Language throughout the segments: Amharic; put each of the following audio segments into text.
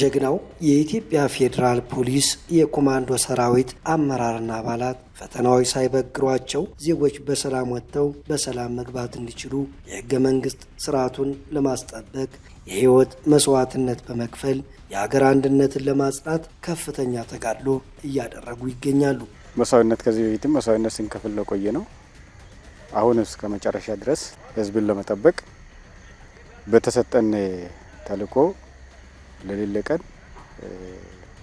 ጀግናው የኢትዮጵያ ፌዴራል ፖሊስ የኮማንዶ ሰራዊት አመራርና አባላት ፈተናዎች ሳይበግሯቸው ዜጎች በሰላም ወጥተው በሰላም መግባት እንዲችሉ የህገ መንግስት ስርዓቱን ለማስጠበቅ የህይወት መስዋዕትነት በመክፈል የሀገር አንድነትን ለማጽናት ከፍተኛ ተጋድሎ እያደረጉ ይገኛሉ። መስዋዕትነት ከዚህ በፊትም መስዋዕትነት ስንከፍል ለቆየ ነው። አሁን እስከ መጨረሻ ድረስ ህዝብን ለመጠበቅ በተሰጠን ተልዕኮ ለሌለ ቀን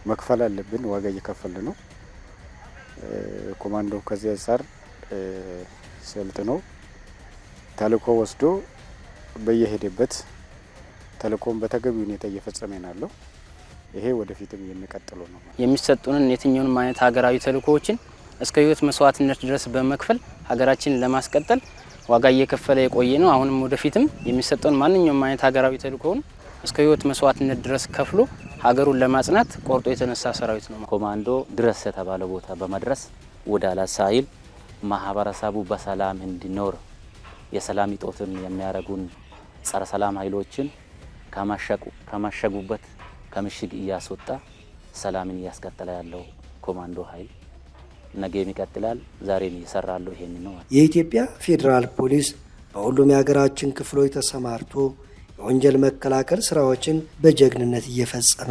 መክፈል አለብን። ዋጋ እየከፈል ነው። ኮማንዶ ከዚህ አንጻር ነው። ተልእኮ ወስዶ በየሄደበት ተልእኮን በተገቢ ሁኔታ እየፈጸመ ናለው። ይሄ ወደፊትም የሚቀጥለው ነው። የሚሰጡንን የትኛውንም አይነት ሀገራዊ ተልእኮዎችን እስከ ህይወት መስዋዕትነት ድረስ በመክፈል ሀገራችንን ለማስቀጠል ዋጋ እየከፈለ የቆየ ነው። አሁንም ወደፊትም የሚሰጠውን ማንኛውም አይነት ሀገራዊ ተልእኮውን እስከ ህይወት መስዋዕትነት ድረስ ከፍሎ ሀገሩን ለማጽናት ቆርጦ የተነሳ ሰራዊት ነው። ኮማንዶ ድረስ የተባለ ቦታ በመድረስ ወደ አላሳይል ማህበረሰቡ በሰላም እንዲኖር የሰላም እጦትን የሚያደርጉን ጸረ ሰላም ኃይሎችን ከመሸጉበት ከምሽግ እያስወጣ ሰላምን እያስቀጠለ ያለው ኮማንዶ ኃይል ነገም ይቀጥላል። ዛሬም እየሰራለሁ። ይሄን ነው የኢትዮጵያ ፌዴራል ፖሊስ በሁሉም የሀገራችን ክፍሎች ተሰማርቶ የወንጀል መከላከል ስራዎችን በጀግንነት እየፈጸመ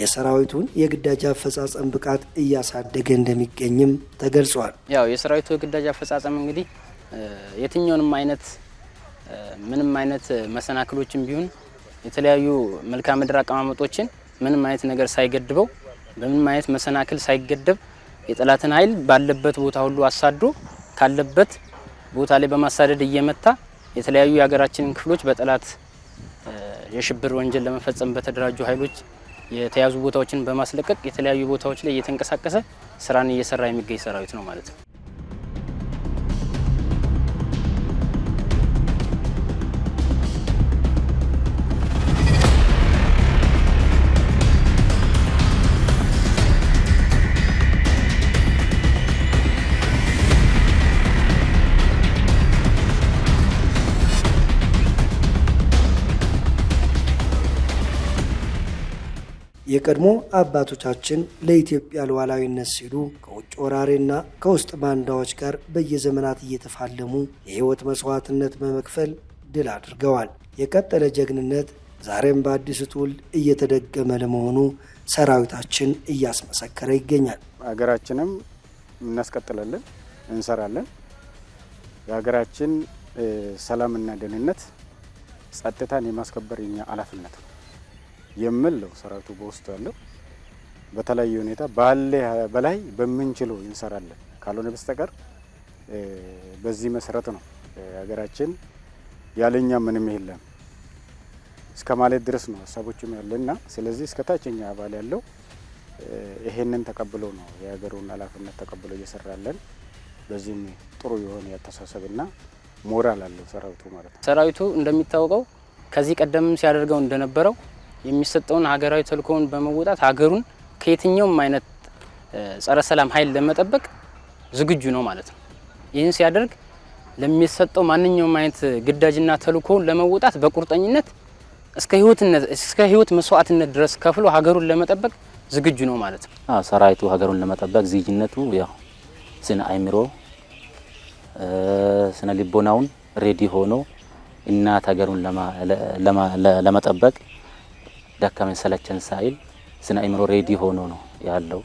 የሰራዊቱን የግዳጅ አፈጻጸም ብቃት እያሳደገ እንደሚገኝም ተገልጿል። ያው የሰራዊቱ የግዳጅ አፈጻጸም እንግዲህ የትኛውንም አይነት ምንም አይነት መሰናክሎችን ቢሆን የተለያዩ መልክዓ ምድር አቀማመጦችን ምንም አይነት ነገር ሳይገድበው በምንም አይነት መሰናክል ሳይገደብ የጠላትን ኃይል ባለበት ቦታ ሁሉ አሳዶ ካለበት ቦታ ላይ በማሳደድ እየመታ የተለያዩ የሀገራችንን ክፍሎች በጠላት የሽብር ወንጀል ለመፈጸም በተደራጁ ኃይሎች የተያዙ ቦታዎችን በማስለቀቅ የተለያዩ ቦታዎች ላይ እየተንቀሳቀሰ ስራን እየሰራ የሚገኝ ሰራዊት ነው ማለት ነው። የቀድሞ አባቶቻችን ለኢትዮጵያ ሉዓላዊነት ሲሉ ከውጭ ወራሪና ከውስጥ ባንዳዎች ጋር በየዘመናት እየተፋለሙ የሕይወት መስዋዕትነት በመክፈል ድል አድርገዋል። የቀጠለ ጀግንነት ዛሬም በአዲስ ትውልድ እየተደገመ ለመሆኑ ሰራዊታችን እያስመሰከረ ይገኛል። ሀገራችንም እናስቀጥላለን፣ እንሰራለን። የሀገራችን ሰላምና ደህንነት ጸጥታን የማስከበር የኛ ኃላፊነት ነው። የሚል ነው ሰራዊቱ በውስጡ ያለው። በተለያየ ሁኔታ ባለ በላይ በምንችለው እንሰራለን ካልሆነ በስተቀር በዚህ መሰረት ነው ሀገራችን ያለኛ ምንም የለም እስከ ማለት ድረስ ነው ሀሳቦችም ያለና ስለዚህ እስከ ታችኛ አባል ያለው ይሄንን ተቀብሎ ነው የሀገሩን ኃላፊነት ተቀብሎ እየሰራለን። በዚህም ጥሩ የሆነ ያተሳሰብና ሞራል አለው ሰራዊቱ ማለት ነው። ሰራዊቱ እንደሚታወቀው ከዚህ ቀደም ሲያደርገው እንደነበረው የሚሰጠውን ሀገራዊ ተልእኮውን በመወጣት ሀገሩን ከየትኛውም አይነት ጸረ ሰላም ኃይል ለመጠበቅ ዝግጁ ነው ማለት ነው። ይህን ሲያደርግ ለሚሰጠው ማንኛውም አይነት ግዳጅና ተልእኮውን ለመወጣት በቁርጠኝነት እስከ ህይወት መስዋዕትነት ድረስ ከፍሎ ሀገሩን ለመጠበቅ ዝግጁ ነው ማለት ነው። ሰራዊቱ ሀገሩን ለመጠበቅ ዝግጅነቱ ያው ስነ አይምሮ ስነ ልቦናውን ሬዲ ሆኖ እናት ሀገሩን ለመጠበቅ ደከመን ሰለቸን ሳይል ስነ አእምሮ ሬዲ ሆኖ ነው ያለው።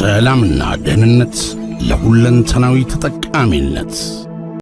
ሰላምና ደህንነት ለሁለንተናዊ ተጠቃሚነት